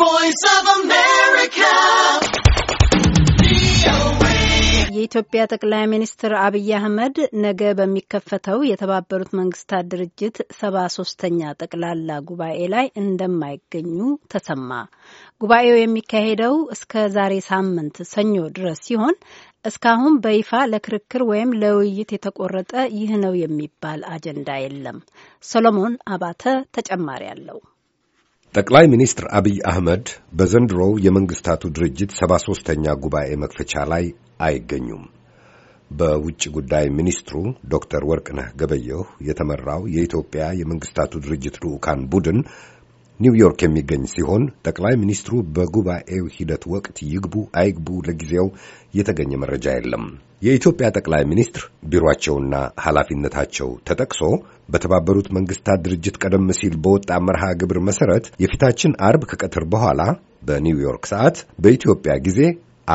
voice of America. የኢትዮጵያ ጠቅላይ ሚኒስትር አብይ አህመድ ነገ በሚከፈተው የተባበሩት መንግስታት ድርጅት ሰባ ሶስተኛ ጠቅላላ ጉባኤ ላይ እንደማይገኙ ተሰማ። ጉባኤው የሚካሄደው እስከ ዛሬ ሳምንት ሰኞ ድረስ ሲሆን እስካሁን በይፋ ለክርክር ወይም ለውይይት የተቆረጠ ይህ ነው የሚባል አጀንዳ የለም። ሰሎሞን አባተ ተጨማሪ አለው። ጠቅላይ ሚኒስትር አብይ አህመድ በዘንድሮው የመንግስታቱ ድርጅት ሰባ ሦስተኛ ጉባኤ መክፈቻ ላይ አይገኙም። በውጭ ጉዳይ ሚኒስትሩ ዶክተር ወርቅነህ ገበየሁ የተመራው የኢትዮጵያ የመንግስታቱ ድርጅት ልዑካን ቡድን ኒውዮርክ የሚገኝ ሲሆን ጠቅላይ ሚኒስትሩ በጉባኤው ሂደት ወቅት ይግቡ አይግቡ ለጊዜው የተገኘ መረጃ የለም። የኢትዮጵያ ጠቅላይ ሚኒስትር ቢሮአቸውና ኃላፊነታቸው ተጠቅሶ በተባበሩት መንግስታት ድርጅት ቀደም ሲል በወጣ መርሃ ግብር መሰረት የፊታችን አርብ ከቀትር በኋላ በኒውዮርክ ሰዓት በኢትዮጵያ ጊዜ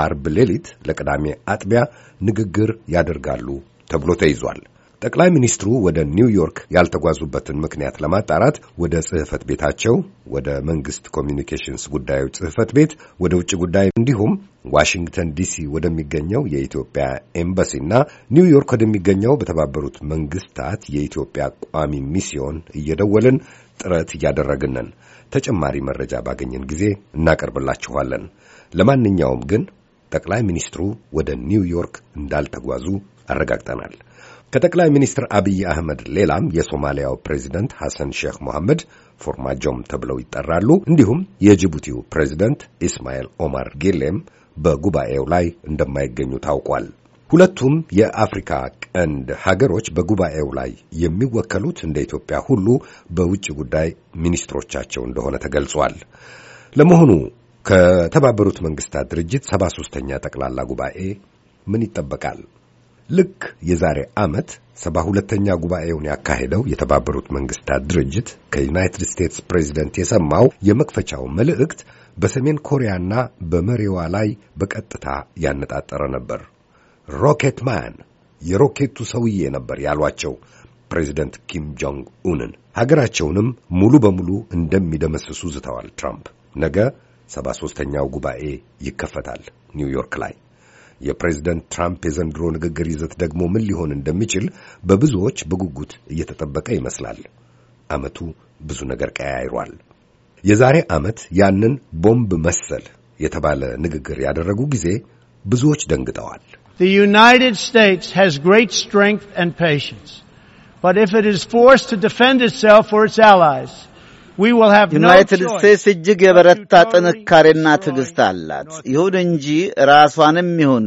አርብ ሌሊት ለቅዳሜ አጥቢያ ንግግር ያደርጋሉ ተብሎ ተይዟል። ጠቅላይ ሚኒስትሩ ወደ ኒውዮርክ ያልተጓዙበትን ምክንያት ለማጣራት ወደ ጽህፈት ቤታቸው፣ ወደ መንግስት ኮሚኒኬሽንስ ጉዳዮች ጽህፈት ቤት፣ ወደ ውጭ ጉዳይ እንዲሁም ዋሽንግተን ዲሲ ወደሚገኘው የኢትዮጵያ ኤምባሲ ኤምባሲና ኒውዮርክ ወደሚገኘው በተባበሩት መንግስታት የኢትዮጵያ ቋሚ ሚስዮን እየደወልን ጥረት እያደረግንን ተጨማሪ መረጃ ባገኘን ጊዜ እናቀርብላችኋለን። ለማንኛውም ግን ጠቅላይ ሚኒስትሩ ወደ ኒውዮርክ እንዳልተጓዙ አረጋግጠናል። ከጠቅላይ ሚኒስትር አብይ አህመድ ሌላም የሶማሊያው ፕሬዚደንት ሐሰን ሼክ ሞሐመድ ፎርማጆም ተብለው ይጠራሉ። እንዲሁም የጅቡቲው ፕሬዚደንት ኢስማኤል ኦማር ጌሌም በጉባኤው ላይ እንደማይገኙ ታውቋል። ሁለቱም የአፍሪካ ቀንድ ሀገሮች በጉባኤው ላይ የሚወከሉት እንደ ኢትዮጵያ ሁሉ በውጭ ጉዳይ ሚኒስትሮቻቸው እንደሆነ ተገልጿል። ለመሆኑ ከተባበሩት መንግስታት ድርጅት ሰባ ሦስተኛ ጠቅላላ ጉባኤ ምን ይጠበቃል? ልክ የዛሬ ዓመት ሰባ ሁለተኛ ጉባኤውን ያካሄደው የተባበሩት መንግስታት ድርጅት ከዩናይትድ ስቴትስ ፕሬዚደንት የሰማው የመክፈቻው መልእክት በሰሜን ኮሪያና በመሪዋ ላይ በቀጥታ ያነጣጠረ ነበር። ሮኬት ማን የሮኬቱ ሰውዬ ነበር ያሏቸው ፕሬዚደንት ኪም ጆንግ ኡንን። ሀገራቸውንም ሙሉ በሙሉ እንደሚደመስሱ ዝተዋል ትራምፕ። ነገ ሰባ ሦስተኛው ጉባኤ ይከፈታል ኒውዮርክ ላይ። የፕሬዝደንት ትራምፕ የዘንድሮ ንግግር ይዘት ደግሞ ምን ሊሆን እንደሚችል በብዙዎች በጉጉት እየተጠበቀ ይመስላል። ዓመቱ ብዙ ነገር ቀያይሯል። የዛሬ ዓመት ያንን ቦምብ መሰል የተባለ ንግግር ያደረጉ ጊዜ ብዙዎች ደንግጠዋል። The United States has great strength and patience, but if it is forced to defend itself or its allies, ዩናይትድ ስቴትስ እጅግ የበረታ ጥንካሬና ትዕግሥት አላት። ይሁን እንጂ ራሷንም ይሁን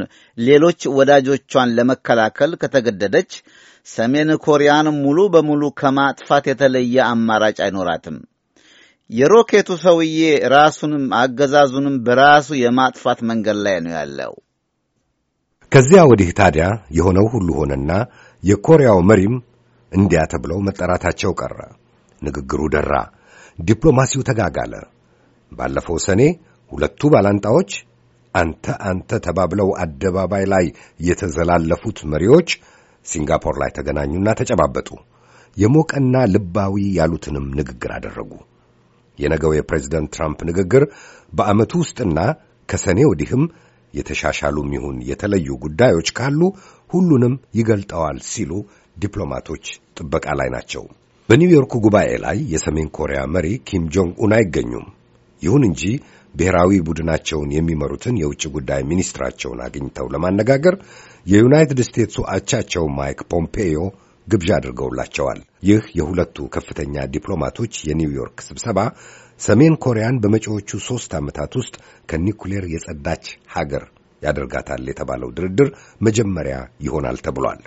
ሌሎች ወዳጆቿን ለመከላከል ከተገደደች ሰሜን ኮሪያን ሙሉ በሙሉ ከማጥፋት የተለየ አማራጭ አይኖራትም። የሮኬቱ ሰውዬ ራሱንም አገዛዙንም በራሱ የማጥፋት መንገድ ላይ ነው ያለው። ከዚያ ወዲህ ታዲያ የሆነው ሁሉ ሆነና የኮሪያው መሪም እንዲያ ተብለው መጠራታቸው ቀረ። ንግግሩ ደራ። ዲፕሎማሲው ተጋጋለ። ባለፈው ሰኔ ሁለቱ ባላንጣዎች አንተ አንተ ተባብለው አደባባይ ላይ የተዘላለፉት መሪዎች ሲንጋፖር ላይ ተገናኙና ተጨባበጡ። የሞቀና ልባዊ ያሉትንም ንግግር አደረጉ። የነገው የፕሬዝደንት ትራምፕ ንግግር በዓመቱ ውስጥና ከሰኔ ወዲህም የተሻሻሉም ይሁን የተለዩ ጉዳዮች ካሉ ሁሉንም ይገልጠዋል ሲሉ ዲፕሎማቶች ጥበቃ ላይ ናቸው። በኒውዮርኩ ጉባኤ ላይ የሰሜን ኮሪያ መሪ ኪም ጆንግ ኡን አይገኙም። ይሁን እንጂ ብሔራዊ ቡድናቸውን የሚመሩትን የውጭ ጉዳይ ሚኒስትራቸውን አግኝተው ለማነጋገር የዩናይትድ ስቴትሱ አቻቸው ማይክ ፖምፔዮ ግብዣ አድርገውላቸዋል። ይህ የሁለቱ ከፍተኛ ዲፕሎማቶች የኒውዮርክ ስብሰባ ሰሜን ኮሪያን በመጪዎቹ ሦስት ዓመታት ውስጥ ከኒኩሌር የጸዳች ሀገር ያደርጋታል የተባለው ድርድር መጀመሪያ ይሆናል ተብሏል።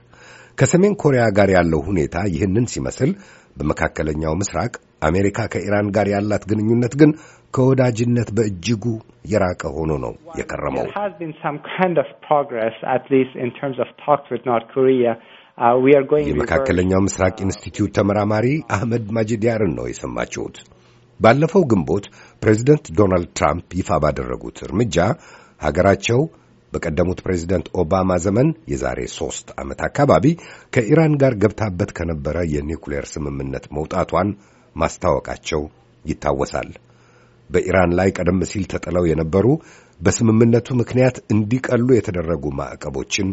ከሰሜን ኮሪያ ጋር ያለው ሁኔታ ይህንን ሲመስል በመካከለኛው ምስራቅ አሜሪካ ከኢራን ጋር ያላት ግንኙነት ግን ከወዳጅነት በእጅጉ የራቀ ሆኖ ነው የከረመው። uh, የመካከለኛው ምስራቅ uh, ኢንስቲትዩት ተመራማሪ አህመድ ማጅዲያርን ነው የሰማችሁት። ባለፈው ግንቦት ፕሬዚደንት ዶናልድ ትራምፕ ይፋ ባደረጉት እርምጃ ሀገራቸው በቀደሙት ፕሬዚደንት ኦባማ ዘመን የዛሬ ሦስት ዓመት አካባቢ ከኢራን ጋር ገብታበት ከነበረ የኒውክሌር ስምምነት መውጣቷን ማስታወቃቸው ይታወሳል። በኢራን ላይ ቀደም ሲል ተጥለው የነበሩ በስምምነቱ ምክንያት እንዲቀሉ የተደረጉ ማዕቀቦችን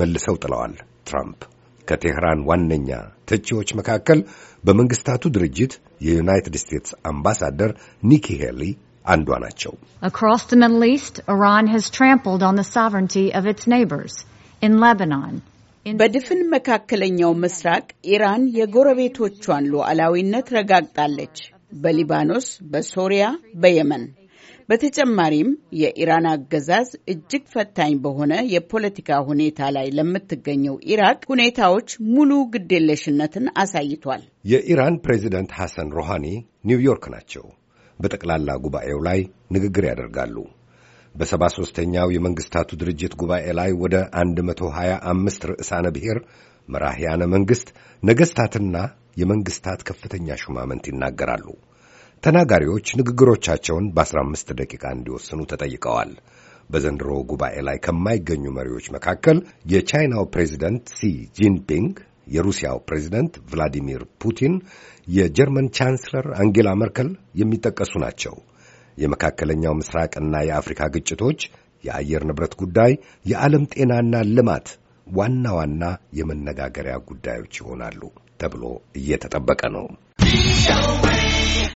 መልሰው ጥለዋል ትራምፕ። ከቴህራን ዋነኛ ተቺዎች መካከል በመንግስታቱ ድርጅት የዩናይትድ ስቴትስ አምባሳደር ኒኪ ሄሊ አንዷ ናቸው። Across the Middle East, Iran has trampled on the sovereignty of its neighbors. In Lebanon, በድፍን መካከለኛው ምስራቅ ኢራን የጎረቤቶቿን ሉዓላዊነት ረጋግጣለች። በሊባኖስ፣ በሶሪያ፣ በየመን በተጨማሪም የኢራን አገዛዝ እጅግ ፈታኝ በሆነ የፖለቲካ ሁኔታ ላይ ለምትገኘው ኢራቅ ሁኔታዎች ሙሉ ግዴለሽነትን አሳይቷል። የኢራን ፕሬዚደንት ሐሰን ሮሃኒ ኒውዮርክ ናቸው። በጠቅላላ ጉባኤው ላይ ንግግር ያደርጋሉ። በሰባ ሦስተኛው የመንግሥታቱ ድርጅት ጉባኤ ላይ ወደ 125 ርዕሳነ ብሔር መራህያነ መንግሥት ነገሥታትና የመንግሥታት ከፍተኛ ሹማምንት ይናገራሉ። ተናጋሪዎች ንግግሮቻቸውን በ15 ደቂቃ እንዲወስኑ ተጠይቀዋል። በዘንድሮ ጉባኤ ላይ ከማይገኙ መሪዎች መካከል የቻይናው ፕሬዚደንት ሲ ጂንፒንግ የሩሲያው ፕሬዚደንት ቭላዲሚር ፑቲን፣ የጀርመን ቻንስለር አንጌላ መርከል የሚጠቀሱ ናቸው። የመካከለኛው ምስራቅና የአፍሪካ ግጭቶች፣ የአየር ንብረት ጉዳይ፣ የዓለም ጤናና ልማት ዋና ዋና የመነጋገሪያ ጉዳዮች ይሆናሉ ተብሎ እየተጠበቀ ነው።